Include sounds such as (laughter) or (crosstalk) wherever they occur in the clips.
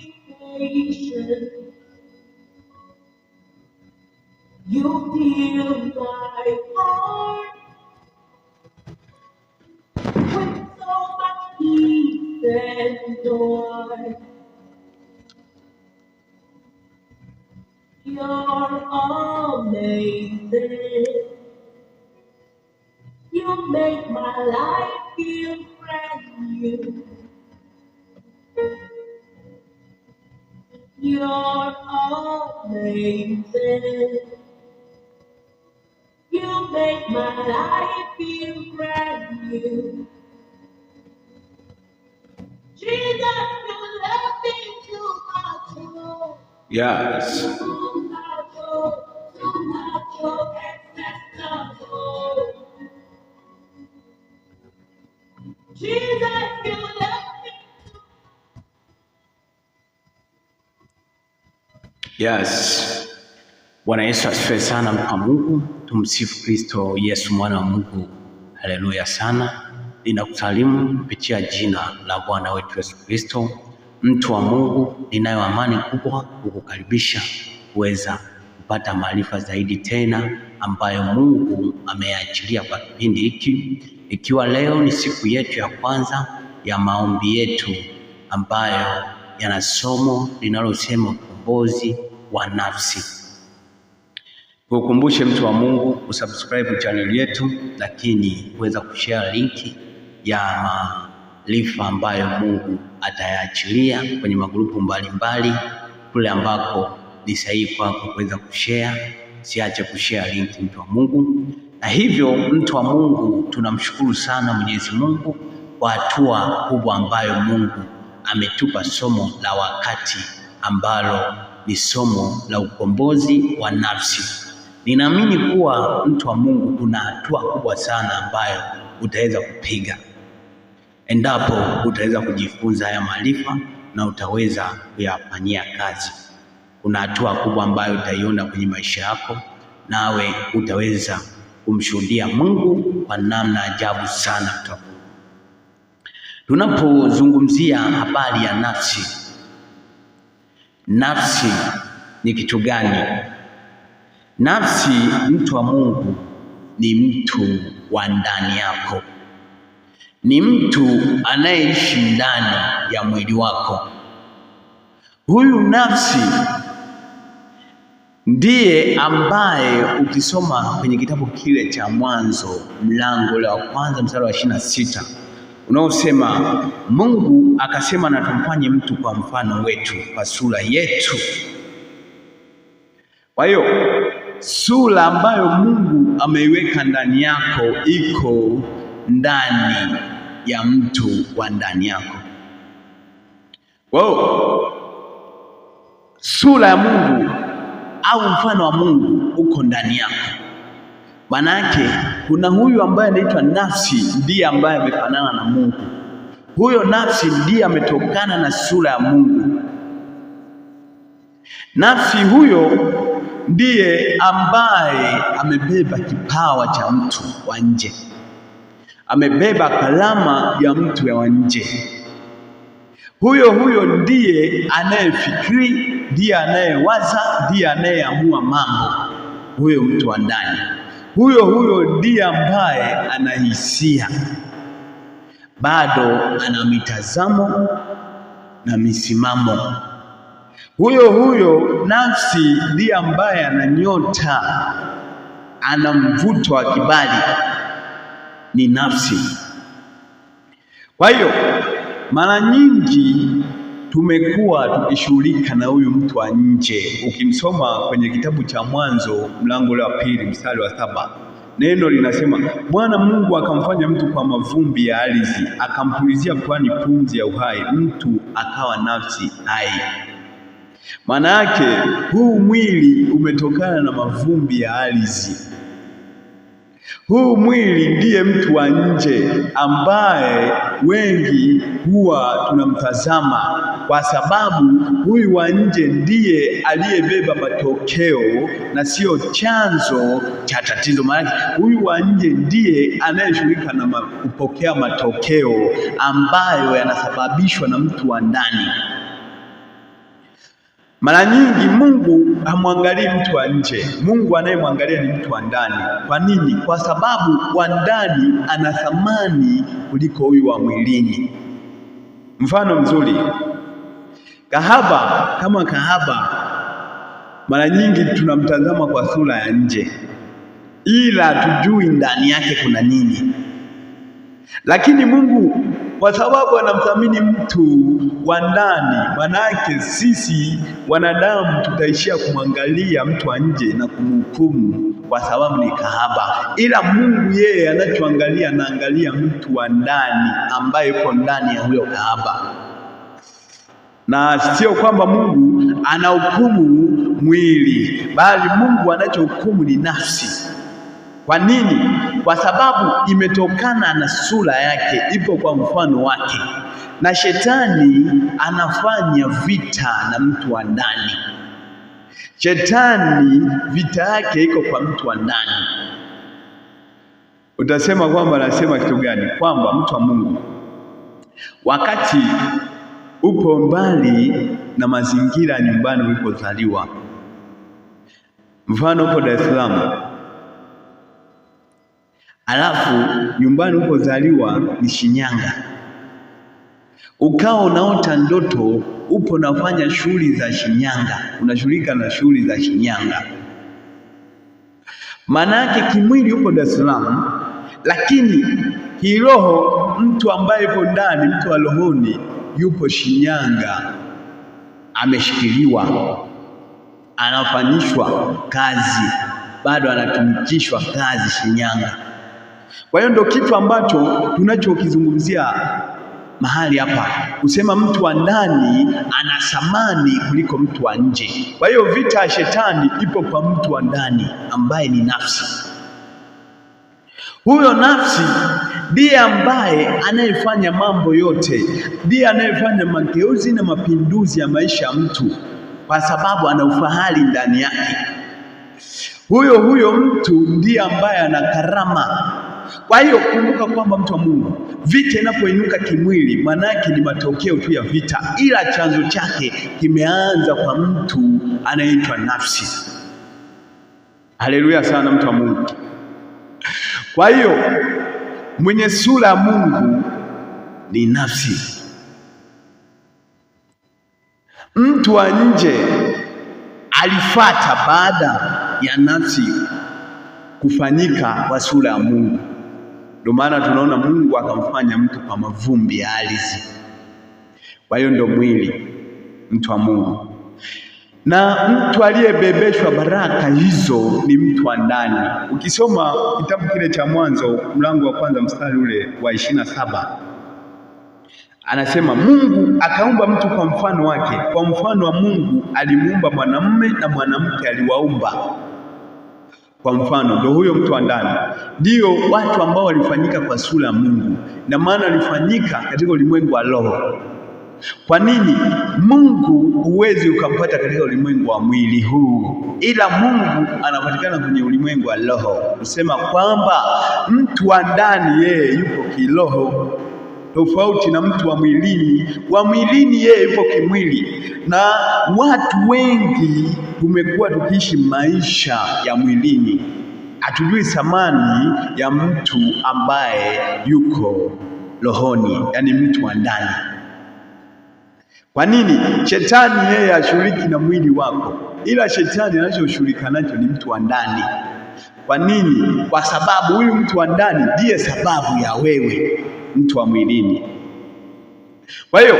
vacation. You my heart with so much and joy. You're amazing. You make my life feel brand new. You're amazing. You make my life feel brand new. Jesus, you love me too much. Yes. Jesus, Yes. Bwana Yesu asifiwe sana kwa Mungu, tumsifu Kristo Yesu mwana wa Mungu. Haleluya sana. Ninakusalimu kupitia jina la Bwana wetu Yesu Kristo. Mtu wa Mungu, ninayo amani kubwa kukukaribisha kuweza kupata maarifa zaidi tena ambayo Mungu ameyaachilia kwa kipindi hiki, ikiwa leo ni siku yetu ya kwanza ya maombi yetu ambayo yana somo linalosema ukombozi wa nafsi. Kukumbushe mtu wa Mungu kusubscribe channel yetu, lakini kuweza kushare linki ya maarifa ambayo Mungu atayaachilia kwenye magrupu mbalimbali kule ambako ni sahihi kwako kuweza kushare. Siache kushare linki, mtu wa Mungu. Na hivyo mtu wa Mungu, tunamshukuru sana Mwenyezi Mungu kwa hatua kubwa ambayo Mungu ametupa somo la wakati ambalo ni somo la ukombozi wa nafsi. Ninaamini kuwa mtu wa Mungu, kuna hatua kubwa sana ambayo utaweza kupiga endapo utaweza kujifunza haya maarifa na utaweza kuyafanyia kazi. Kuna hatua kubwa ambayo utaiona kwenye maisha yako, nawe utaweza kumshuhudia Mungu kwa namna ajabu sana. tunapozungumzia habari ya nafsi Nafsi ni kitu gani? Nafsi, mtu wa Mungu, ni mtu wa ndani yako, ni mtu anayeishi ndani ya mwili wako. Huyu nafsi ndiye ambaye ukisoma kwenye kitabu kile cha Mwanzo mlango wa kwanza mstari wa ishirini na sita unaosema Mungu akasema na tumfanye mtu kwa mfano wetu, kwa sura yetu. Kwa hiyo sura ambayo Mungu ameiweka ndani yako iko ndani ya mtu wa ndani yako. hiyo Sura ya Mungu au mfano wa Mungu uko ndani yako. Manake kuna huyu ambaye anaitwa nafsi, ndiye ambaye amefanana na Mungu. Huyo nafsi ndiye ametokana na sura ya Mungu. Nafsi huyo ndiye ambaye amebeba kipawa cha mtu wa nje, amebeba kalama ya mtu wa nje. Huyo huyo ndiye anayefikiri, ndiye anayewaza, ndiye anayeamua mambo, huyo mtu wa ndani huyo huyo ndiye ambaye ana hisia, bado ana mitazamo na misimamo. Huyo huyo nafsi ndiye ambaye ana nyota, ana mvuto wa kibali, ni nafsi. Kwa hiyo mara nyingi tumekuwa tukishughulika na huyu mtu wa nje. Ukimsoma kwenye kitabu cha Mwanzo mlango wa pili mstari wa saba neno linasema, Bwana Mungu akamfanya mtu kwa mavumbi ya ardhi, akampulizia kwani pumzi ya uhai, mtu akawa nafsi hai. Maana yake huu mwili umetokana na mavumbi ya ardhi. Huu mwili ndiye mtu wa nje ambaye wengi huwa tunamtazama kwa sababu huyu wa nje ndiye aliyebeba matokeo na sio chanzo cha tatizo. Maana huyu wa nje ndiye anayeshughulika na kupokea matokeo ambayo yanasababishwa na mtu wa ndani. Mara nyingi Mungu hamwangalii mtu wa nje. Mungu anayemwangalia ni mtu wa ndani. Kwa nini? Kwa sababu wa ndani ana thamani kuliko huyu wa mwilini. Mfano mzuri, kahaba kama kahaba, mara nyingi tunamtazama kwa sura ya nje, ila tujui ndani yake kuna nini. Lakini Mungu kwa sababu anamthamini mtu wa ndani, manake sisi wanadamu tutaishia kumwangalia mtu wa nje na kumhukumu kwa sababu ni kahaba, ila Mungu yeye anachoangalia, anaangalia mtu wa ndani ambaye yuko ndani ya huyo kahaba, na sio kwamba Mungu anahukumu mwili, bali Mungu anachohukumu ni nafsi. Kwa nini? Kwa sababu imetokana na sura yake, ipo kwa mfano wake, na shetani anafanya vita na mtu wa ndani. Shetani vita yake iko kwa mtu wa ndani. Utasema kwamba anasema kitu gani? Kwamba mtu wa Mungu wakati upo mbali na mazingira nyumbani ulipozaliwa, mfano upo Dar es Salaam alafu nyumbani ulipozaliwa ni Shinyanga, ukawa unaota ndoto upo nafanya shughuli za Shinyanga, unashughulika na shughuli za Shinyanga. Maana yake kimwili upo Dar es Salaam, lakini kiroho mtu ambaye yupo ndani, mtu wa rohoni yupo Shinyanga, ameshikiliwa, anafanyishwa kazi, bado anatumikishwa kazi Shinyanga. Kwa hiyo ndio kitu ambacho tunachokizungumzia mahali hapa, kusema mtu wa ndani ana thamani kuliko mtu wa nje. Kwa hiyo vita ya shetani ipo kwa mtu wa ndani ambaye ni nafsi. Huyo nafsi ndiye ambaye anayefanya mambo yote, ndiye anayefanya mageuzi na mapinduzi ya maisha ya mtu, kwa sababu ana ufahari ndani yake. Huyo huyo mtu ndiye ambaye ana karama kwa hiyo kumbuka kwamba mtu wa Mungu, vita inapoinuka kimwili, yake ni matokeo tu ya vita, ila chanzo chake kimeanza kwa mtu anayeitwa nafsi. Haleluya sana, mtu wa Mungu. Kwa hiyo mwenye sura ya Mungu ni nafsi. Mtu wa nje alifata baada ya nafsi kufanyika kwa sura ya Mungu. Ndio maana tunaona Mungu akamfanya mtu kwa mavumbi ya ardhi. Kwa hiyo ndio mwili mtu wa Mungu, na mtu aliyebebeshwa baraka hizo ni mtu wa ndani. Ukisoma kitabu kile cha Mwanzo mlango wa kwanza mstari ule wa ishirini na saba anasema Mungu akaumba mtu kwa mfano wake, kwa mfano wa Mungu alimuumba mwanamume na mwanamke aliwaumba. Kwa mfano ndio huyo mtu wa ndani, ndio watu ambao walifanyika kwa sura ya Mungu, na maana walifanyika katika ulimwengu wa roho. Kwa nini Mungu huwezi ukampata katika ulimwengu wa mwili huu, ila Mungu anapatikana kwenye ulimwengu wa roho, kusema kwamba mtu wa ndani yeye yupo kiroho tofauti na mtu wa mwilini. Wa mwilini yeye yupo kimwili, na watu wengi tumekuwa tukiishi maisha ya mwilini, hatujui thamani ya mtu ambaye yuko rohoni, yaani mtu wa ndani. Kwa nini? Shetani yeye hashughuliki na mwili wako, ila shetani anachoshirika nacho ni mtu wa ndani. Kwa nini? Kwa sababu huyu mtu wa ndani ndiye sababu ya wewe mtu wa mwilini. Kwa hiyo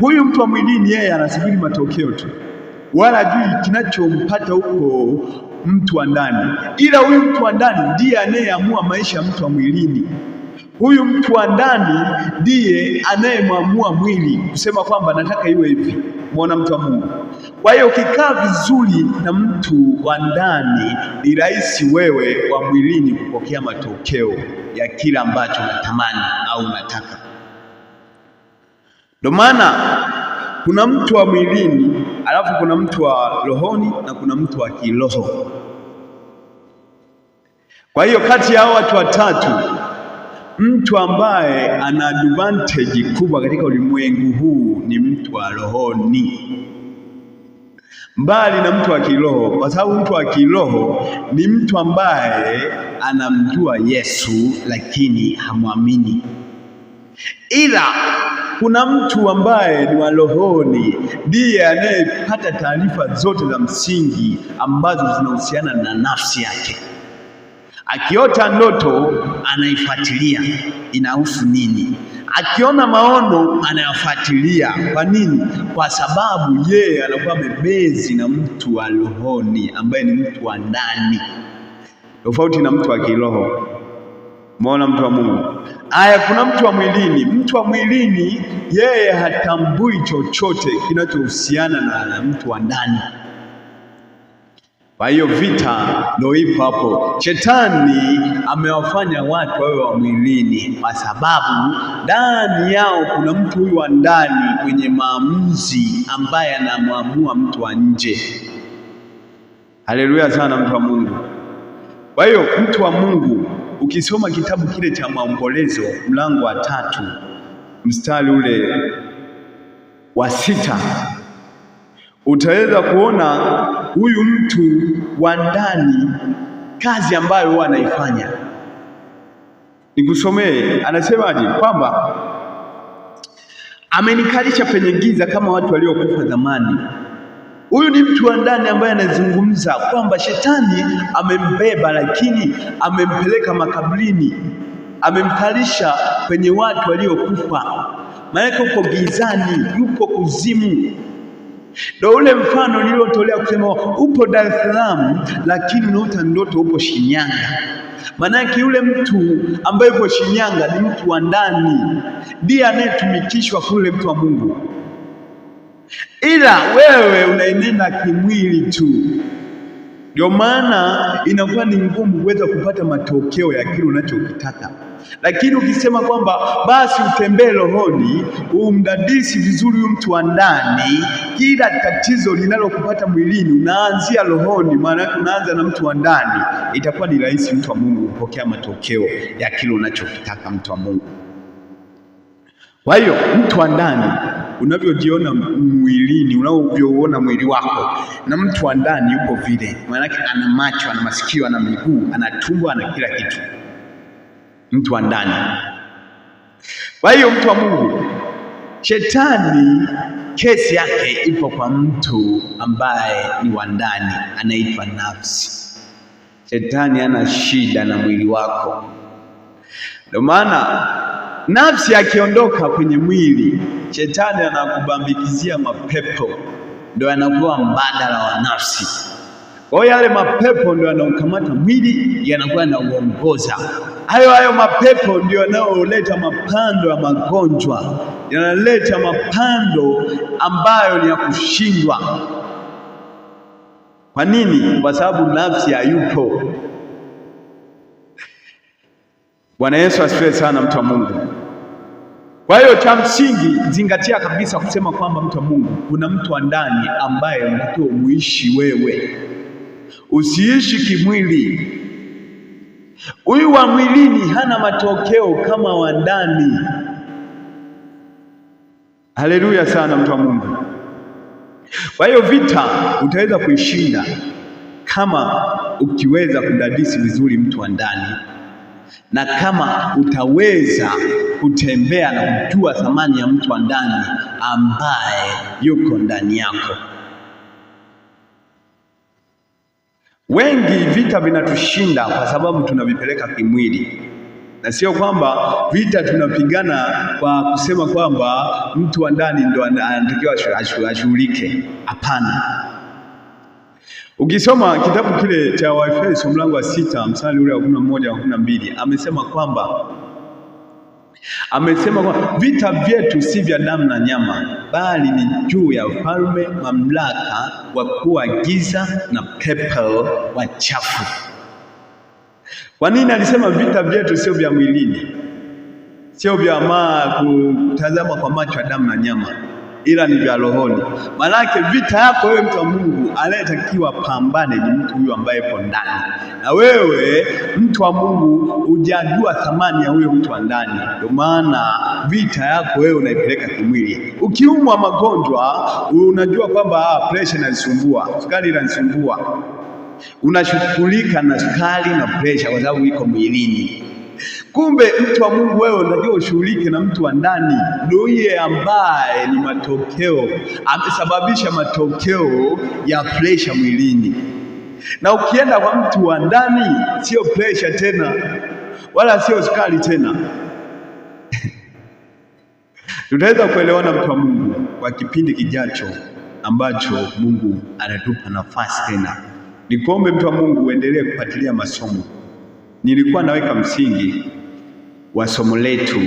huyu mtu wa mwilini yeye anasubiri matokeo tu, wala jui kinachompata huko mtu wa ndani, ila huyu mtu wa ndani ndiye anayeamua maisha ya mtu wa mwilini. Huyu mtu wa ndani ndiye anayemwamua mwili kusema kwamba nataka iwe hivi. Muona mtu wa Mungu. Kwa hiyo ukikaa vizuri na mtu wa ndani, ni rahisi wewe wa mwilini kupokea matokeo ya kila ambacho unatamani au unataka. Ndio maana kuna mtu wa mwilini, alafu kuna mtu wa rohoni na kuna mtu wa kiroho. Kwa hiyo kati ya watu watatu, mtu ambaye ana advantage kubwa katika ulimwengu huu ni mtu wa rohoni mbali na mtu wa kiroho, kwa sababu mtu wa kiroho ni mtu ambaye anamjua Yesu lakini hamwamini. Ila kuna mtu ambaye ni wa rohoni, ndiye anayepata taarifa zote za msingi ambazo zinahusiana na nafsi yake. Akiota ndoto anaifuatilia, inahusu nini? Akiona maono anayafuatilia. Kwa nini? Kwa sababu yeye anakuwa bebezi na mtu wa rohoni ambaye ni mtu wa ndani tofauti na mtu wa kiroho. Umeona mtu wa Mungu. Aya, kuna mtu wa mwilini. Mtu wa mwilini yeye hatambui chochote kinachohusiana na mtu wa ndani. Kwa hiyo vita ndio ipo hapo. Shetani amewafanya watu wawe wa mwilini, kwa sababu ndani yao kuna mtu huyu wa ndani kwenye maamuzi, ambaye anamwamua mtu wa nje. Haleluya sana, mtu wa Mungu. Kwa hiyo mtu wa Mungu, ukisoma kitabu kile cha Maombolezo mlango wa tatu mstari ule wa sita utaweza kuona huyu mtu wa ndani, kazi ambayo huwa anaifanya. Nikusomee, anasemaje? Kwamba amenikalisha penye giza kama watu waliokufa zamani Huyu ni mtu wa ndani ambaye anazungumza kwamba shetani amembeba, lakini amempeleka makaburini, amemkalisha kwenye watu waliokufa, maana yuko gizani, yuko kuzimu. Ndio ule mfano niliotolea kusema upo Dar es Salaam, lakini unaota ndoto upo Shinyanga. Maanake yule mtu ambaye yuko Shinyanga ni mtu wa ndani, ndiye anayetumikishwa kule, mtu wa Mungu ila wewe unainena kimwili tu, ndio maana inakuwa ni ngumu kuweza kupata matokeo ya kile unachokitaka. Lakini ukisema kwamba basi utembee rohoni, umdadisi vizuri huyu mtu wa ndani, kila tatizo linalokupata mwilini unaanzia rohoni, maana unaanza na mtu wa ndani, itakuwa ni rahisi mtu wa Mungu kupokea matokeo ya kile unachokitaka, mtu wa Mungu. Kwa hiyo mtu wa ndani unavyojiona mwilini, unavyoona mwili wako, na mtu wa ndani yuko vile. Maanake ana macho, ana masikio, ana miguu, ana tumbo, ana kila kitu, mtu wa ndani. Kwa hiyo mtu wa Mungu, shetani kesi yake ipo kwa mtu ambaye ni wa ndani, anaitwa nafsi. Shetani ana shida na mwili wako, ndio maana nafsi akiondoka kwenye mwili, shetani anakubambikizia mapepo, ndio anakuwa mbadala wa nafsi. Kwa hiyo yale mapepo ndio yanaokamata mwili, yanakuwa yanauongoza. Hayo hayo mapepo ndio yanayoleta mapando ya magonjwa, yanaleta mapando ambayo ni ya kushindwa. Kwa nini? Kwa sababu nafsi hayupo. Bwana Yesu asifiwe sana, mtu wa Mungu. Kwa hiyo cha msingi zingatia kabisa kusema kwamba mtu wa Mungu, kuna mtu wa ndani ambaye unatakiwa muishi wewe, usiishi kimwili. Huyu wa mwilini hana matokeo kama wa ndani. Haleluya sana, mtu wa Mungu. Kwa hiyo vita utaweza kuishinda kama ukiweza kudadisi vizuri mtu wa ndani na kama utaweza kutembea na kujua thamani ya mtu wa ndani ambaye yuko ndani yako. Wengi vita vinatushinda kwa sababu tunavipeleka kimwili, na sio kwamba vita tunapigana kwa kusema kwamba mtu wa ndani ndo anatakiwa ashughulike. Hapana. Ukisoma kitabu kile cha Waefeso mlango wa sita mstari ule wa kumi na moja na kumi na mbili amesema kwamba amesema kwamba vita vyetu si vya damu na nyama, bali ni juu ya falme, mamlaka, wakuu wa giza na pepo wachafu. Kwa nini alisema vita vyetu sio vya mwilini, sio vya ma kutazama kwa macho ya damu na nyama ila ni vya rohoni. Maanake vita yako wewe, mtu wa Mungu, anayetakiwa pambane ni mtu huyu ambaye yuko ndani, na wewe mtu wa Mungu hujajua thamani ya huyo mtu wa ndani. Ndio maana vita yako wewe unaipeleka kimwili. Ukiumwa magonjwa, unajua kwamba ah, pressure inasumbua, sukari inasumbua, unashughulika na sukari na pressure kwa sababu iko mwilini. Kumbe mtu wa Mungu, wewe unatakiwa ushughulike na mtu wa ndani, ndiye ambaye ni matokeo, amesababisha matokeo ya presha mwilini. Na ukienda kwa mtu wa ndani, sio presha tena, wala sio sukari tena. (laughs) Tutaweza kuelewana mtu wa Mungu kwa kipindi kijacho ambacho Mungu anatupa nafasi tena. Nikuombe mtu wa Mungu uendelee kufuatilia masomo nilikuwa naweka msingi wa somo letu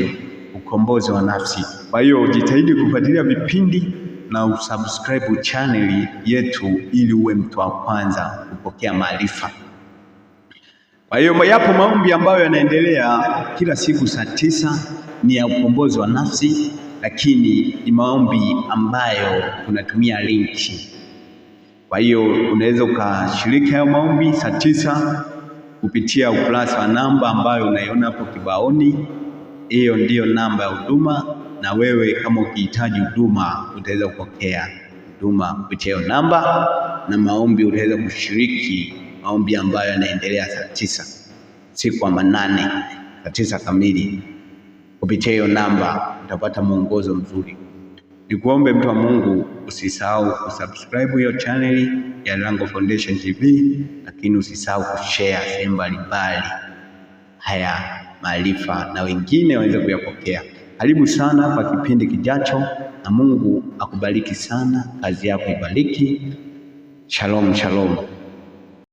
ukombozi wa nafsi. Kwa hiyo jitahidi kufuatilia vipindi na usubscribe chaneli yetu ili uwe mtu wa kwanza kupokea maarifa. Kwa hiyo yapo maombi ambayo yanaendelea kila siku saa tisa, ni ya ukombozi wa nafsi, lakini ni maombi ambayo tunatumia linki. Kwa hiyo unaweza ukashiriki hayo maombi saa tisa kupitia ukurasa wa namba ambayo unaiona hapo kibaoni. Hiyo ndiyo namba ya huduma, na wewe kama ukihitaji huduma utaweza kupokea huduma kupitia hiyo namba, na maombi utaweza kushiriki maombi ambayo yanaendelea saa tisa siku ya manane saa tisa kamili. Kupitia hiyo namba utapata mwongozo mzuri. Nikuombe mtu wa Mungu, usisahau kusubscribe hiyo chaneli ya Lango Foundation TV, lakini usisahau kushare sehemu mbalimbali haya maarifa na wengine waweze kuyapokea. Karibu sana kwa kipindi kijacho, na Mungu akubariki sana, kazi yako ibariki. Shalom, shalom.